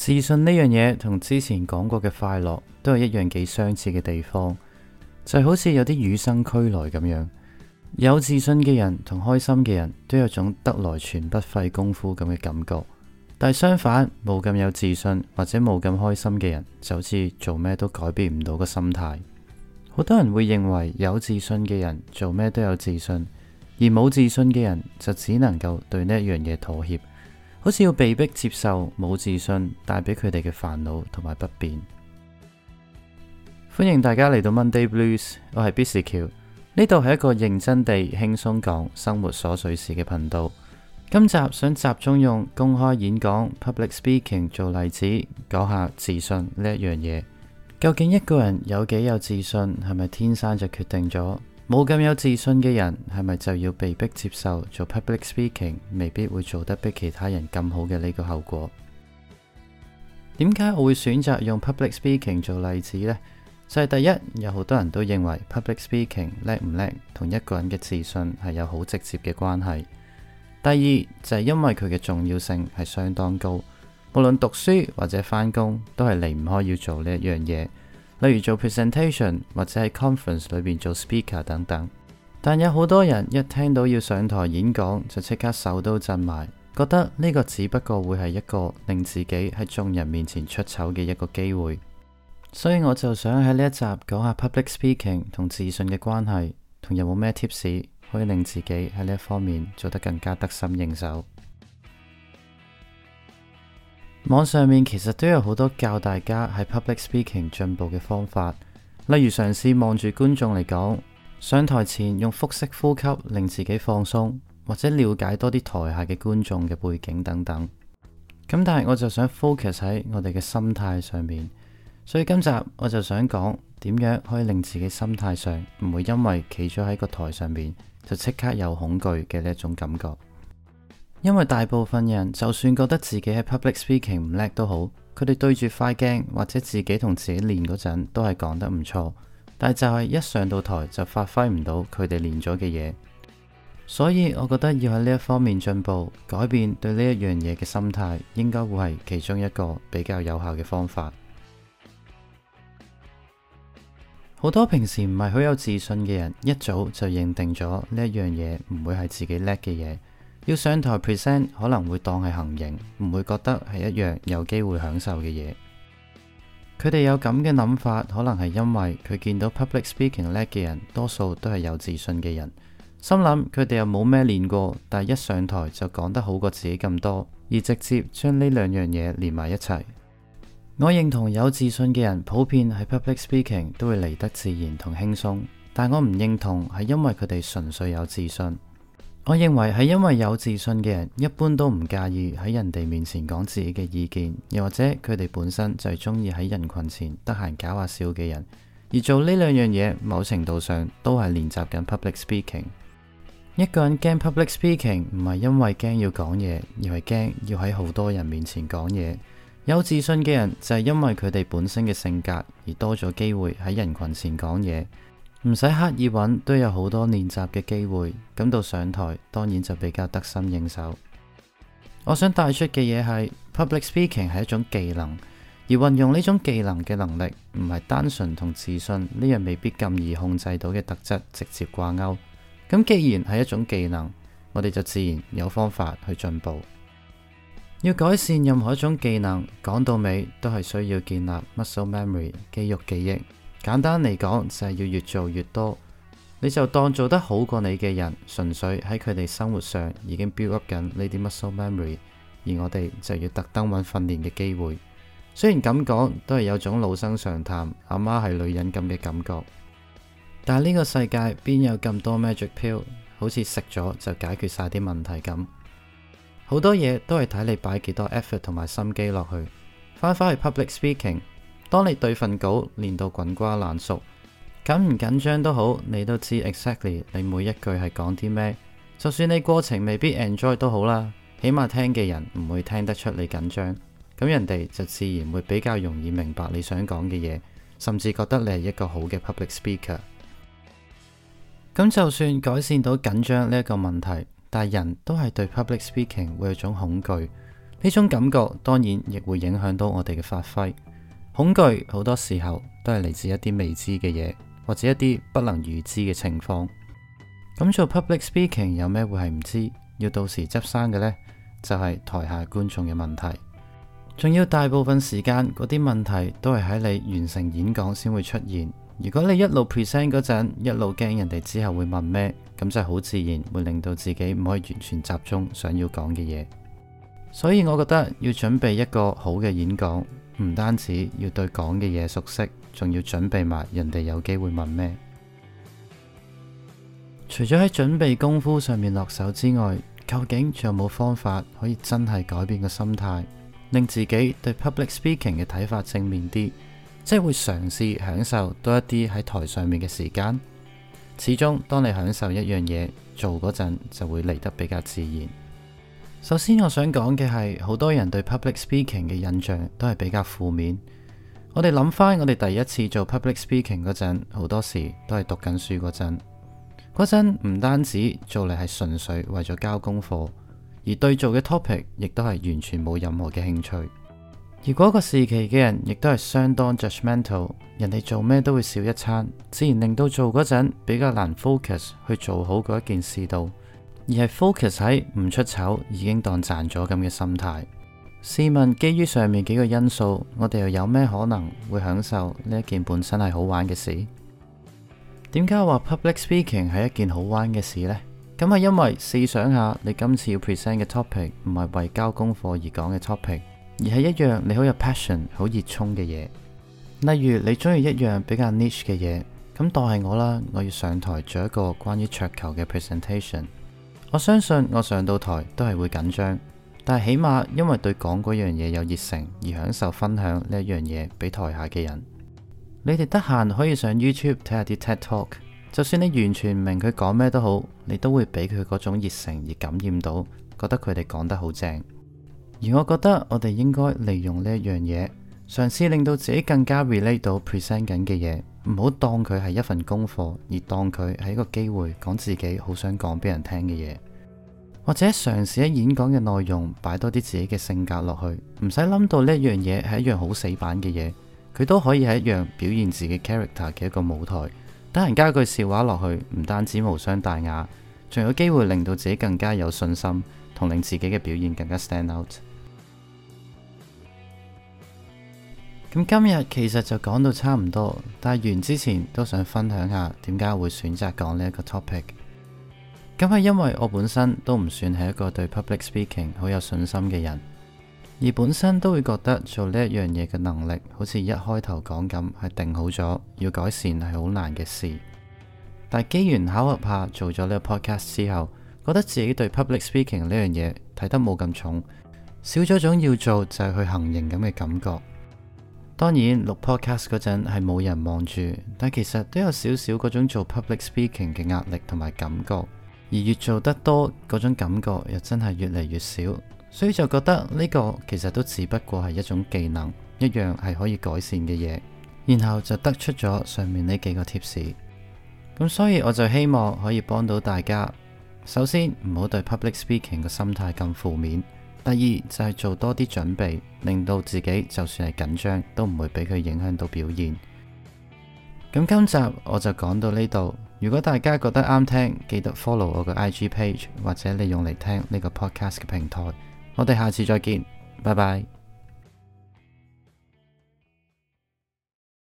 自信呢樣嘢同之前講過嘅快樂都係一樣幾相似嘅地方，就係好似有啲與生俱來咁樣。有自信嘅人同開心嘅人都有種得來全不費功夫咁嘅感覺，但相反冇咁有自信或者冇咁開心嘅人，就好似做咩都改變唔到個心態。好多人會認為有自信嘅人做咩都有自信，而冇自信嘅人就只能夠對呢一樣嘢妥協。好似要被迫接受冇自信帶俾佢哋嘅煩惱同埋不便。歡迎大家嚟到 Monday Blues，我係 Bis 橋，呢度係一個認真地輕鬆講生活瑣碎事嘅頻道。今集想集中用公開演講 （public speaking） 做例子，講下自信呢一樣嘢。究竟一個人有幾有自信，係咪天生就決定咗？冇咁有，有自信嘅人，係咪就要被逼接受做 public speaking？未必會做得比其他人咁好嘅呢個後果。點解我會選擇用 public speaking 做例子呢？就係、是、第一，有好多人都認為 public speaking 叻唔叻，同一個人嘅自信係有好直接嘅關係。第二就係、是、因為佢嘅重要性係相當高，無論讀書或者翻工，都係離唔開要做呢一樣嘢。例如做 presentation 或者喺 conference 裏邊做 speaker 等等，但有好多人一聽到要上台演講就即刻手都震埋，覺得呢個只不過會係一個令自己喺眾人面前出醜嘅一個機會。所以我就想喺呢一集講下 public speaking 同自信嘅關係，同有冇咩 tips 可以令自己喺呢一方面做得更加得心應手。網上面其實都有好多教大家喺 public speaking 進步嘅方法，例如嘗試望住觀眾嚟講，上台前用腹式呼吸令自己放鬆，或者了解多啲台下嘅觀眾嘅背景等等。咁但係我就想 focus 喺我哋嘅心態上面，所以今集我就想講點樣可以令自己心態上唔會因為企咗喺個台上面就即刻有恐懼嘅呢一種感覺。因為大部分人就算覺得自己喺 public speaking 唔叻都好，佢哋對住塊鏡或者自己同自己練嗰陣都係講得唔錯，但就係一上到台就發揮唔到佢哋練咗嘅嘢。所以我覺得要喺呢一方面進步，改變對呢一樣嘢嘅心態，應該會係其中一個比較有效嘅方法。好多平時唔係好有自信嘅人，一早就認定咗呢一樣嘢唔會係自己叻嘅嘢。要上台 present，可能會當係行刑，唔會覺得係一樣有機會享受嘅嘢。佢哋有咁嘅諗法，可能係因為佢見到 public speaking 叻嘅人，多數都係有自信嘅人。心諗佢哋又冇咩練過，但係一上台就講得好過自己咁多，而直接將呢兩樣嘢連埋一齊。我認同有自信嘅人普遍喺 public speaking 都會嚟得自然同輕鬆，但我唔認同係因為佢哋純粹有自信。我認為係因為有自信嘅人一般都唔介意喺人哋面前講自己嘅意見，又或者佢哋本身就係中意喺人群前得閒搞下笑嘅人。而做呢兩樣嘢，某程度上都係練習緊 public speaking。一個人驚 public speaking 唔係因為驚要講嘢，而係驚要喺好多人面前講嘢。有自信嘅人就係因為佢哋本身嘅性格而多咗機會喺人群前講嘢。唔使刻意揾，都有好多練習嘅機會，咁到上台當然就比較得心應手。我想帶出嘅嘢係，public speaking 係一種技能，而運用呢種技能嘅能力，唔係單純同自信呢樣未必咁易控制到嘅特質直接掛鈎。咁既然係一種技能，我哋就自然有方法去進步。要改善任何一種技能，講到尾都係需要建立 muscle memory 肌肉記憶。簡單嚟講就係要越做越多，你就當做得好過你嘅人，純粹喺佢哋生活上已經 build up 緊呢啲 muscle memory，而我哋就要特登揾訓練嘅機會。雖然咁講，都係有種老生常談，阿媽係女人咁嘅感覺。但係呢個世界邊有咁多 magic pill，好似食咗就解決晒啲問題咁？好多嘢都係睇你擺幾多 effort 同埋心機落去。翻返去 public speaking。當你對份稿練到滾瓜爛熟，緊唔緊張都好，你都知 exactly 你每一句係講啲咩。就算你過程未必 enjoy 都好啦，起碼聽嘅人唔會聽得出你緊張。咁人哋就自然會比較容易明白你想講嘅嘢，甚至覺得你係一個好嘅 public speaker。咁就算改善到緊張呢一個問題，但人都係對 public speaking 會有種恐懼呢種感覺，當然亦會影響到我哋嘅發揮。恐懼好多時候都係嚟自一啲未知嘅嘢，或者一啲不能預知嘅情況。咁做 public speaking 有咩會係唔知，要到時執生嘅呢，就係台下觀眾嘅問題。仲要大部分時間嗰啲問題都係喺你完成演講先會出現。如果你一路 present 嗰陣一路驚人哋之後會問咩，咁就好自然會令到自己唔可以完全集中想要講嘅嘢。所以我覺得要準備一個好嘅演講。唔單止要對講嘅嘢熟悉，仲要準備埋人哋有機會問咩。除咗喺準備功夫上面落手之外，究竟仲有冇方法可以真係改變個心態，令自己對 public speaking 嘅睇法正面啲？即係會嘗試享受多一啲喺台上面嘅時間。始終，當你享受一樣嘢做嗰陣，就會嚟得比較自然。首先我想講嘅係，好多人對 public speaking 嘅印象都係比較負面。我哋諗翻我哋第一次做 public speaking 嗰陣，好多時都係讀緊書嗰陣。嗰陣唔單止做嚟係純粹為咗交功課，而對做嘅 topic 亦都係完全冇任何嘅興趣。而嗰個時期嘅人亦都係相當 judgmental，人哋做咩都會笑一餐，自然令到做嗰陣比較難 focus 去做好嗰一件事度。而係 focus 喺唔出醜，已經當賺咗咁嘅心態。試問，基於上面幾個因素，我哋又有咩可能會享受呢一件本身係好玩嘅事？點解話 public speaking 係一件好玩嘅事呢？咁係因為試想下，你今次要 present 嘅 topic 唔係為交功課而講嘅 topic，而係一樣你好有 passion、好熱衷嘅嘢。例如你中意一樣比較 niche 嘅嘢，咁當係我啦，我要上台做一個關於桌球嘅 presentation。我相信我上到台都係會緊張，但係起碼因為對講嗰樣嘢有熱誠而享受分享呢一樣嘢俾台下嘅人。你哋得閒可以上 YouTube 睇下啲 TED Talk，就算你完全唔明佢講咩都好，你都會俾佢嗰種熱誠而感染到，覺得佢哋講得好正。而我覺得我哋應該利用呢一樣嘢，嘗試令到自己更加 relate 到 present 緊嘅嘢。唔好當佢係一份功課，而當佢係一個機會，講自己好想講俾人聽嘅嘢，或者嘗試喺演講嘅內容擺多啲自己嘅性格落去。唔使諗到呢一樣嘢係一樣好死板嘅嘢，佢都可以係一樣表現自己 character 嘅一個舞台。等人加句笑話落去，唔單止無傷大雅，仲有機會令到自己更加有信心，同令自己嘅表現更加 stand out。咁今日其實就講到差唔多，但係完之前都想分享下點解會選擇講呢一個 topic。咁係因為我本身都唔算係一個對 public speaking 好有信心嘅人，而本身都會覺得做呢一樣嘢嘅能力好似一開頭講咁係定好咗要改善係好難嘅事。但係機緣巧合下做咗呢個 podcast 之後，覺得自己對 public speaking 呢樣嘢睇得冇咁重，少咗種要做就係去行刑咁嘅感覺。當然錄 podcast 嗰陣係冇人望住，但其實都有少少嗰種做 public speaking 嘅壓力同埋感覺，而越做得多嗰種感覺又真係越嚟越少，所以就覺得呢個其實都只不過係一種技能，一樣係可以改善嘅嘢，然後就得出咗上面呢幾個貼士。咁所以我就希望可以幫到大家，首先唔好對 public speaking 嘅心態咁負面。第二就係做多啲準備，令到自己就算係緊張，都唔會俾佢影響到表現。咁今集我就講到呢度。如果大家覺得啱聽，記得 follow 我嘅 IG page 或者你用嚟聽呢個 podcast 嘅平台。我哋下次再見，拜拜。